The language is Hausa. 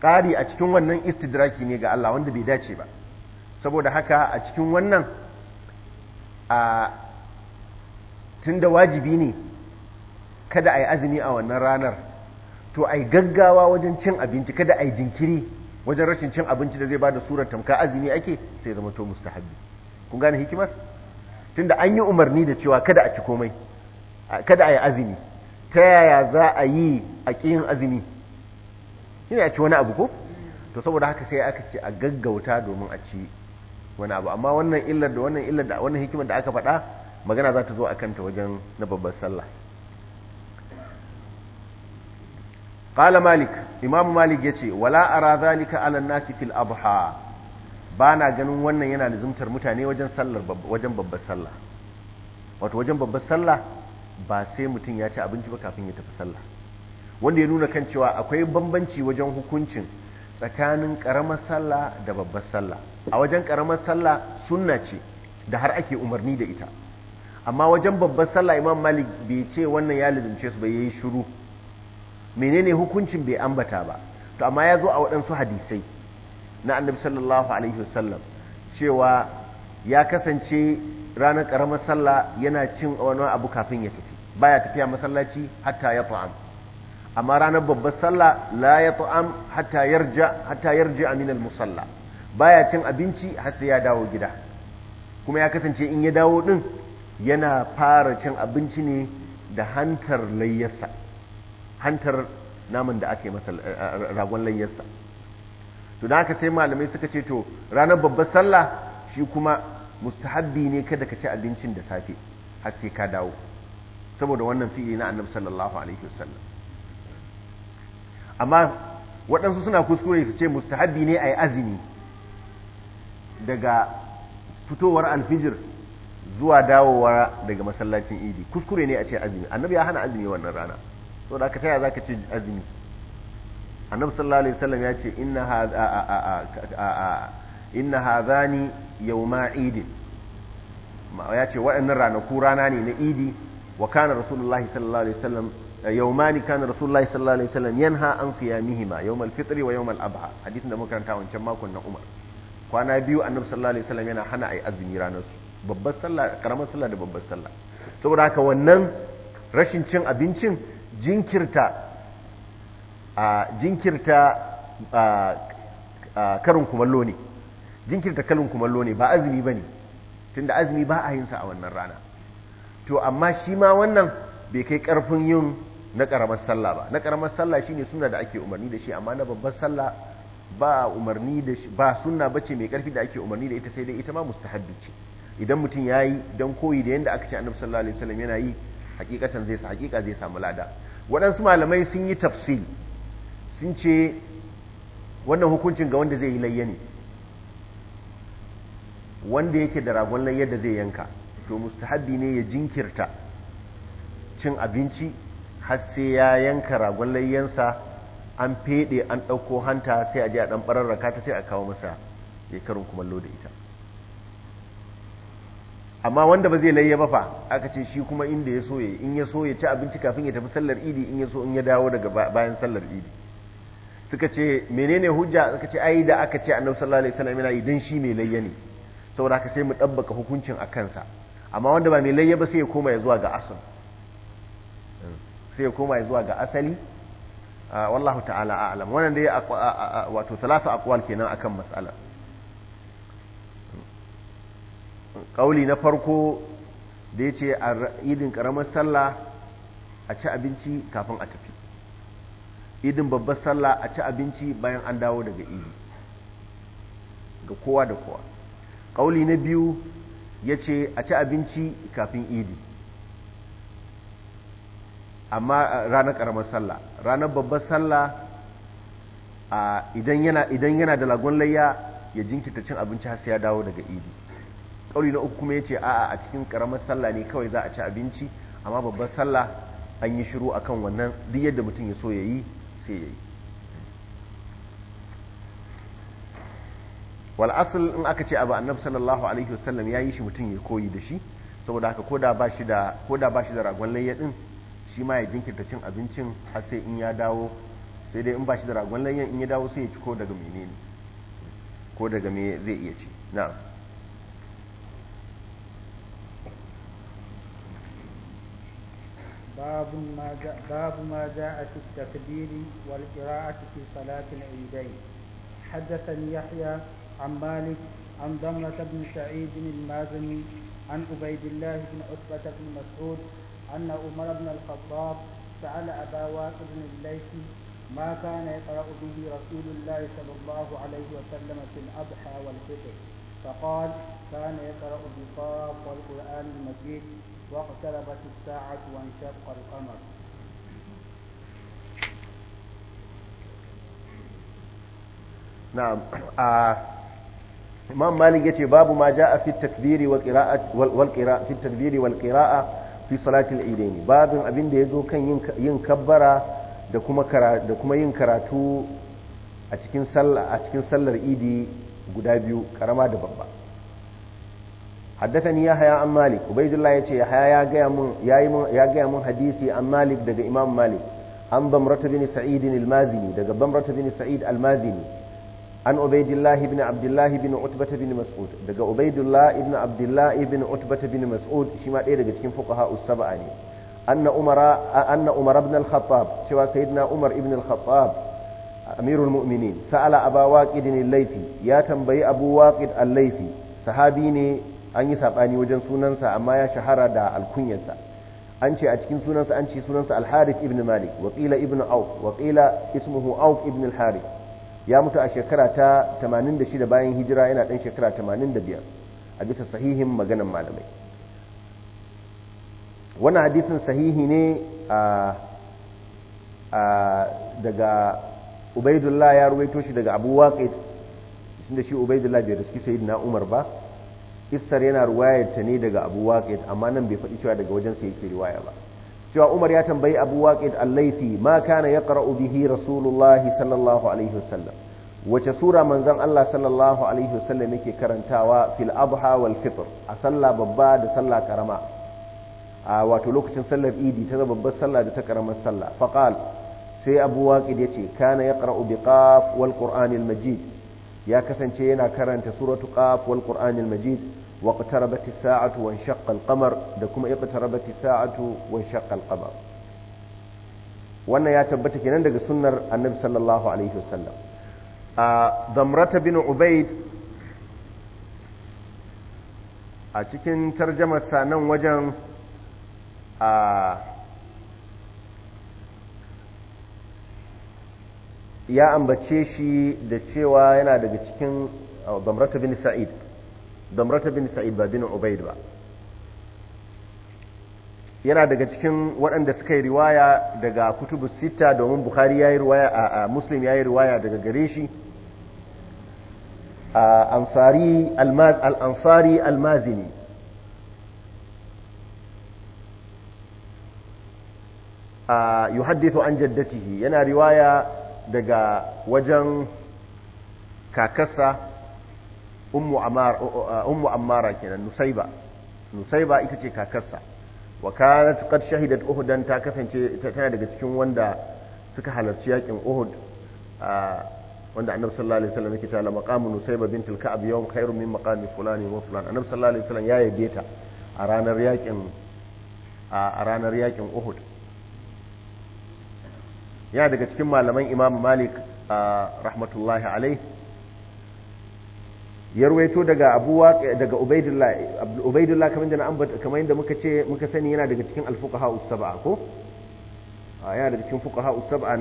ƙari a cikin wannan istidraki ne ga Allah wanda bai dace ba saboda haka a cikin wannan a tunda wajibi ne kada a yi azumi a wannan ranar to a gaggawa wajen cin abinci kada a jinkiri wajen rashin cin abinci da zai ba da surar tamka azumi ake sai zama to mustahabbi kun gane hikimar tunda an yi umarni da cewa kada a ci komai kada a yi azumi ta yaya za a yi a azumi shine a ci wani abu ko to saboda haka sai aka ce a gaggauta domin a ci wani abu amma wannan illar da wannan illar da wannan hikimar da aka faɗa magana za ta zo a kanta wajen na babbar sallah qala malik imam malik yace wala ara zalika ala nasi fil bana ganin wannan yana zumtar mutane wajen sallar wajen babbar sallah wato wajen babbar sallah ba sai mutum ya ci abinci ba kafin ya tafi sallah wanda ya nuna kan cewa akwai bambanci wajen hukuncin tsakanin karamar sallah da babbar sallah a wajen karamar sallah sunna ce da har ake umarni da ita amma wajen babbar sallah imam malik bai ce wannan ya lizumce su bai yi shiru menene hukuncin bai ambata ba to amma ya zo a waɗansu hadisai na annabi sallallahu alaihi wasallam cewa ya kasance ranar karamar sallah yana cin wani abu kafin ya tafi baya tafiya masallaci hatta ya fa'am amma ranar babbar sallah la ya ta'am hatta yarja hatta yarja amin al-musalla baya cin abinci har sai ya dawo gida kuma ya kasance in ya dawo din yana fara cin abinci ne da hantar layyarsa hantar naman da ake masa eh, eh, ragon layyarsa to da haka sai malamai suka ce to ranar babbar sallah shi kuma mustahabbi ne kada ka ci abincin da safe har sai ka dawo saboda wannan fi'ili na annabi sallallahu alaihi wasallam amma waɗansu suna kuskure su ce mustahabi ne a yi azumi daga fitowar alfijir zuwa dawowa daga masallacin idi kuskure ne a ce azumi annabi ya hana azumi wannan rana so da aka taya za ka ce azumi annabi sallallahu alaihi wasallam ya ce inna hadhani yawma idin ya ce waɗannan ranaku rana ne na idi wa kana rasulullahi sallallahu alaihi wasallam يومان كان رسول الله alaihi الله عليه وسلم ينهى عن صيامهما wa الفطر ويوم hadisin da ده مكرن كان makon na عمر kwana biyu annabi sallallahu alaihi wasallam yana hana ai azumi ranar su babbar sallah karamar sallah da babbar sallah saboda haka wannan rashin cin abincin jinkirta a jinkirta a karin kumallo ne jinkirta kalin kumallo ne ba azumi bane tunda azumi ba a yin sa a wannan rana to amma shi ma wannan bai kai karfin yin na karamar sallah ba na karamar sallah shine sunna da ake umarni da shi amma na babbar sallah ba umarni da shi ba sunna bace mai karfi da ake umarni da ita sai dai ita ma mustahabbi ce idan mutum yayi dan koyi da yanda aka ce annabi sallallahu alaihi wasallam yana yi hakikatan zai sa hakika zai samu lada waɗansu malamai sun yi tafsiri sun ce wannan hukuncin ga wanda zai yi layya ne wanda yake da ragon layyar da zai yanka to mustahabbi ne ya jinkirta cin abinci har sai ya yanka ragon layyansa an fede an dauko hanta sai a je a dan raka ta sai a kawo masa ya karin kumallo da ita amma wanda ba zai layya ba fa aka ce shi kuma inda ya soye in ya soye ci abinci kafin ya tafi sallar idi in ya so in ya dawo daga bayan sallar idi suka ce menene hujja suka ce ai da aka ce annabi sallallahu alaihi wasallam yana idan shi mai layya ne saboda haka sai mu dabbaka hukuncin a kansa amma wanda ba mai layya ba sai ya koma ya zuwa ga asal sai ya koma zuwa ga asali wallahu ta'ala a'lam wannan dai wato talata aqwal kenan akan mas'ala kauli na farko da yace a idin karamar sallah a ci abinci kafin a tafi idin babbar sallah a ci abinci bayan an dawo daga idi ga kowa da kowa kauli na biyu yace a ci abinci kafin idi amma ranar karamar sallah ranar babbar sallah idan yana da lagon layya ya jinkita cin abinci har sai ya dawo daga idi Ƙauri na uku kuma yace a'a a cikin karamar sallah ne kawai za a ci abinci amma babbar sallah an yi shiru akan wannan duk yadda mutum ya so ya yi sai ya yi. wal asal in aka ce abu annabi sallallahu alaihi wasallam yayi shi mutum ya koyi da shi saboda haka koda ba shi da ba shi da ragon layya din shi ma ya jinkirta cin abincin har sai in ya dawo sai dai in ba shi da ragon lanyan in ya dawo sai ya ci ko daga mene ne ko daga me zai iya ci na babu ma za a fi takbiri wal a cikin salatin idai haddatan yahya an malik an damar tabin sha'idin ilmazini an ubaidillahi bin utbata bin mas'ud أن عمر بن الخطاب سأل أبا واقد الليثي ما كان يقرأ به رسول الله صلى الله عليه وسلم في الأضحى والفطر فقال كان يقرأ بقاف والقرآن المجيد واقتربت الساعة وانشق القمر نعم آه. إمام مالك يتي باب ما جاء في التكبير والقراءة والقراءة في التكبير والقراءة fi salatul idain babin abin da ya zo kan yin kabbara da kuma yin karatu a cikin sallar idi guda biyu karama da babba haddathani yahya an malik ubaidullah yace ya ce ya gaya mun hadisi an malik daga imam malik an bamrata bin sa'id al-mazini daga bamrata bin sa'id al-mazini an ubaidillahi ibn abdullahi ibn utbata ibn mas'ud daga ubaidillahi ibn abdullahi ibn utbata ibn mas'ud shima ɗaya daga cikin fuqaha us-sab'a ne anna umara anna umar ibn cewa sayyidina umar ibn al-khattab amirul mu'minin sa'ala aba waqid al-laythi ya tambayi abu waqid al-laythi sahabi ne anyi saɓani sabani wajen sunansa amma ya shahara da alkunyarsa an ce a cikin sunansa an ce sunansa al-harith ibn malik wa qila ibn auf wa ismuhu auf ibn al ya mutu a shekara ta 86 bayan hijira yana ɗan shekara 85 a bisa sahihin maganan malamai wannan hadisin sahihi ne daga ubaidullah ya ruwaito shi daga abu sun da shi ubaidullah bai riski na umar ba issar yana ruwayar ne daga abu waƙid amma nan bai faɗi cewa daga wajen sa ke riwaya ba cewa Umar ya tambayi Abu Waqid al ma kana ya yaqra'u bihi Rasulullahi sallallahu alaihi wasallam wace sura manzan Allah sallallahu alaihi wasallam yake karantawa fil adha wal fitr a sallah babba da sallah karama a wato lokacin sallar Idi ta babbar sallah da ta karamar sallah faqal sai Abu ya ce kana ya bi qaf wal qur'anil majid ya kasance yana karanta suratu qaf wal qur'anil majid واقتربت الساعة وانشق القمر دكما اقتربت الساعة وانشق القمر وانا يا تبتك نندق سنة النبي صلى الله عليه وسلم ضمرة بن عبيد a cikin tarjamarsa nan wajen a ya ambace shi da cewa yana daga cikin zamrata bin sa'id damrata bin sa'id ba bin ubaid ba yana daga cikin waɗanda suka yi riwaya daga kutubu sita domin bukhari ya yi riwaya a muslim ya yi riwaya daga gare shi al'ansari almazini yuhaddithu an jaddatihi yana riwaya daga wajen kakasa Uh, uh, uh, ummu ammara kenan nusaiba nusaiba ita ce kakarsa wa kanat qad shahidat uhudan ta kasance tana daga cikin wanda suka halarci yakin uhud wanda annabi sallallahu alaihi wasallam yake la maqamu nusaiba bintul ka'ab yawm khairu min maqami fulani wa fulan annabi sallallahu alaihi wasallam ya yabe ta a ranar yakin a ranar yakin uhud ya daga cikin malaman imam malik rahmatullahi alaihi ya ruwaito daga abuwa daga ubaidullah ubaidullah kamar da ambata kamar yadda muka ce muka sani yana daga cikin alfuqaha us-sab'a ko ah, yana daga cikin fuqaha us-sab'a